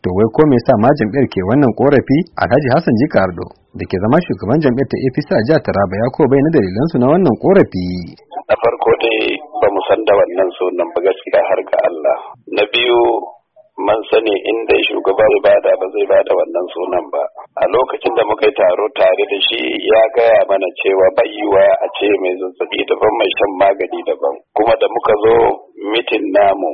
to wai ko me yasa ma jam'iyyar ke wannan korafi alhaji hassan jikardo da ke zama shugaban jam'iyyar ta apc a jihar taraba ya ko bai na su na wannan korafi na farko dai ba mu san da wannan sunan ba gaskiya har ga allah na biyu man sani inda shugaba ya bada ba zai bada wannan sunan ba a lokacin da muka yi taro tare da shi ya gaya mana cewa bayiwa a ce mai zazzabi daban mai shan magani daban kuma da muka zo mitin namu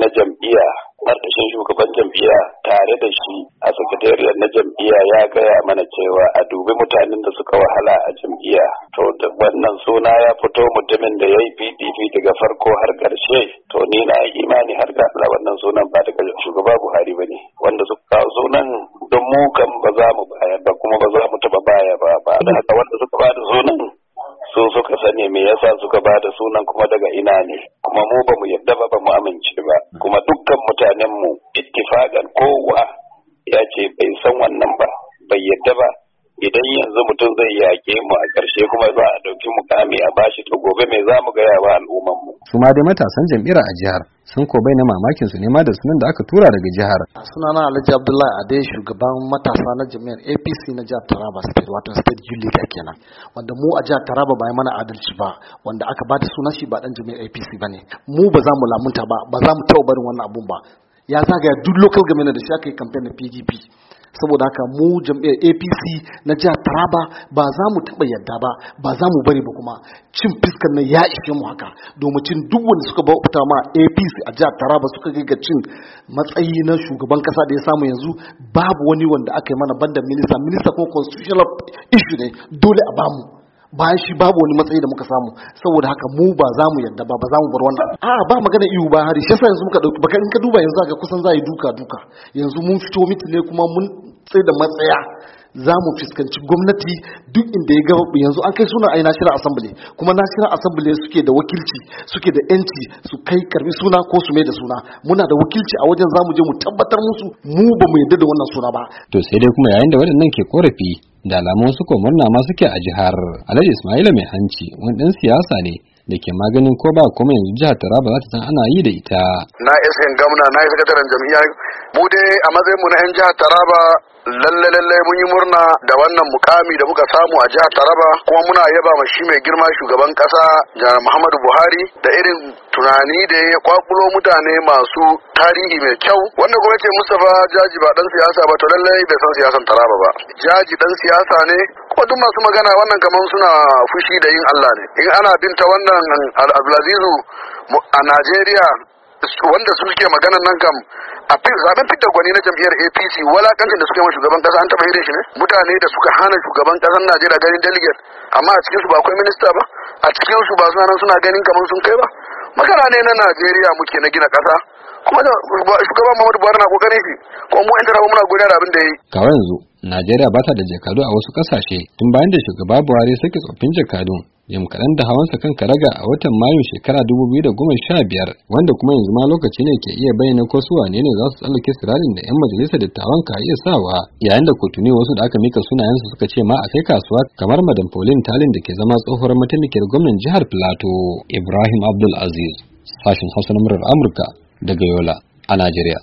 na jam'iyya ƙarƙashin shugaban jam'iyya tare da shi a sakatariyar na jam'iyya ya gaya mana cewa a dubi mutanen da suka wahala a jam'iyya to da wannan suna ya fito mutumin da ya yi pdp daga farko har ƙarshe to ni na imani har ga wannan sunan ba daga shugaba buhari ba ne wanda suka kawo sunan don mu kan ba za mu baya ba kuma ba za mu taɓa baya ba ba da haka wanda suka ba da sunan su suka sani me yasa suka ba da sunan kuma daga ina ne kuma mu ba mu yadda ba ba mu amince ba kuma dukkan mutanen mu ittifaqan kowa ya ce bai san wannan ba bai yadda ba idan yanzu mutum zai yake mu a ƙarshe kuma za a ɗauki mukami a bashi to gobe me za mu gaya wa al'umman mu. su ma dai matasan jam'iyyar a jihar sun ko bai na mamakin su nema da sunan da aka tura daga jihar. sunana alhaji abdullahi ade shugaban matasa na jami'ar apc na jihar taraba state wato state julia kenan wanda mu a jihar taraba bai mana adalci ba wanda aka ba da sunan shi ba dan jami'ar apc ba ne mu ba za mu lamunta ba ba za mu taɓa barin wannan abun ba ya zagaya duk local government da shi aka yi campaign na pdp saboda haka mu jam'iyyar apc na jihar taraba ba za mu taɓa yadda ba ba za mu bari ba kuma cin fiskar nan ya ishe mu haka domin duk wanda suka bauta ma apc a jihar taraba suka ga cin matsayi na shugaban kasa da ya samu yanzu babu wani wanda aka yi mana banda minista minista kuma constitutional issue ne dole a bamu bayan shi babu wani matsayi da muka samu saboda haka mu ba za mu yadda ba ba za mu bar wannan a ba magana iyu ba hari shi yasa yanzu muka dauki baka in ka duba yanzu zaka kusan za yi duka duka yanzu mun fito miti ne kuma Sai da matsaya za mu fuskanci gwamnati duk inda ya gaba yanzu an kai suna ai national assembly kuma national assembly suke da wakilci suke da yanci su kai karbi suna ko su mai da suna muna da wakilci a wajen za mu je mu tabbatar musu mu ba mu yadda da wannan suna ba to sai dai kuma yayin da waɗannan ke korafi da alamun su ko murna ma suke a jihar Alhaji Ismaila mai hanci wani ɗan siyasa ne da ke maganin ko ba kuma yanzu jihar Taraba za ta san ana yi da ita na isin gamna na isa sakataren jam'iyya mu a matsayin mu na 'yan jihar Taraba lalle lalle mun yi murna da wannan mukami da muka samu a jihar Taraba kuma muna yaba ma shi mai girma shugaban kasa jihar Muhammadu Buhari da irin tunani da ya kwakulo mutane masu tarihi mai kyau wanda kuma ce Mustapha Jaji ba dan siyasa ba to lalle bai san siyasan Taraba ba Jaji dan siyasa ne kuma duk masu magana wannan kaman suna fushi da yin Allah ne in ana binta wannan al Abdulazizu a Najeriya wanda suke maganan nan kam a zaben fitar gwani na jam'iyyar apc walakancin da suke ma shugaban kasa an taɓa hirin shi ne mutane da suka hana shugaban kasar najeriya ganin delegate amma a cikinsu ba akwai minista ba a cikinsu ba suna nan suna ganin kamar sun kai ba magana ne na najeriya muke na gina kasa kuma shugaban muhammadu buhari na kokarin shi kuma mu yan taraba muna godiya da abin da ya yi yanzu najeriya ba ta da jakadu a wasu kasashe tun bayan da shugaba buhari sake tsoffin jakadun jim kaɗan da hawansa kan karaga a watan mayu shekara dubu biyu da goma sha biyar wanda kuma yanzu ma lokaci ne ke iya bayyana ko su wane ne za su tsallake sirarin da 'yan majalisar dattawan ka iya sawa yayin da kotuni wasu da aka mika sunayensu suka ce ma a kai kasuwa kamar madam pauline talin da ke zama tsohuwar mataimakiyar gwamnan jihar plateau ibrahim abdul aziz sashen hausa na murar amurka daga yola a najeriya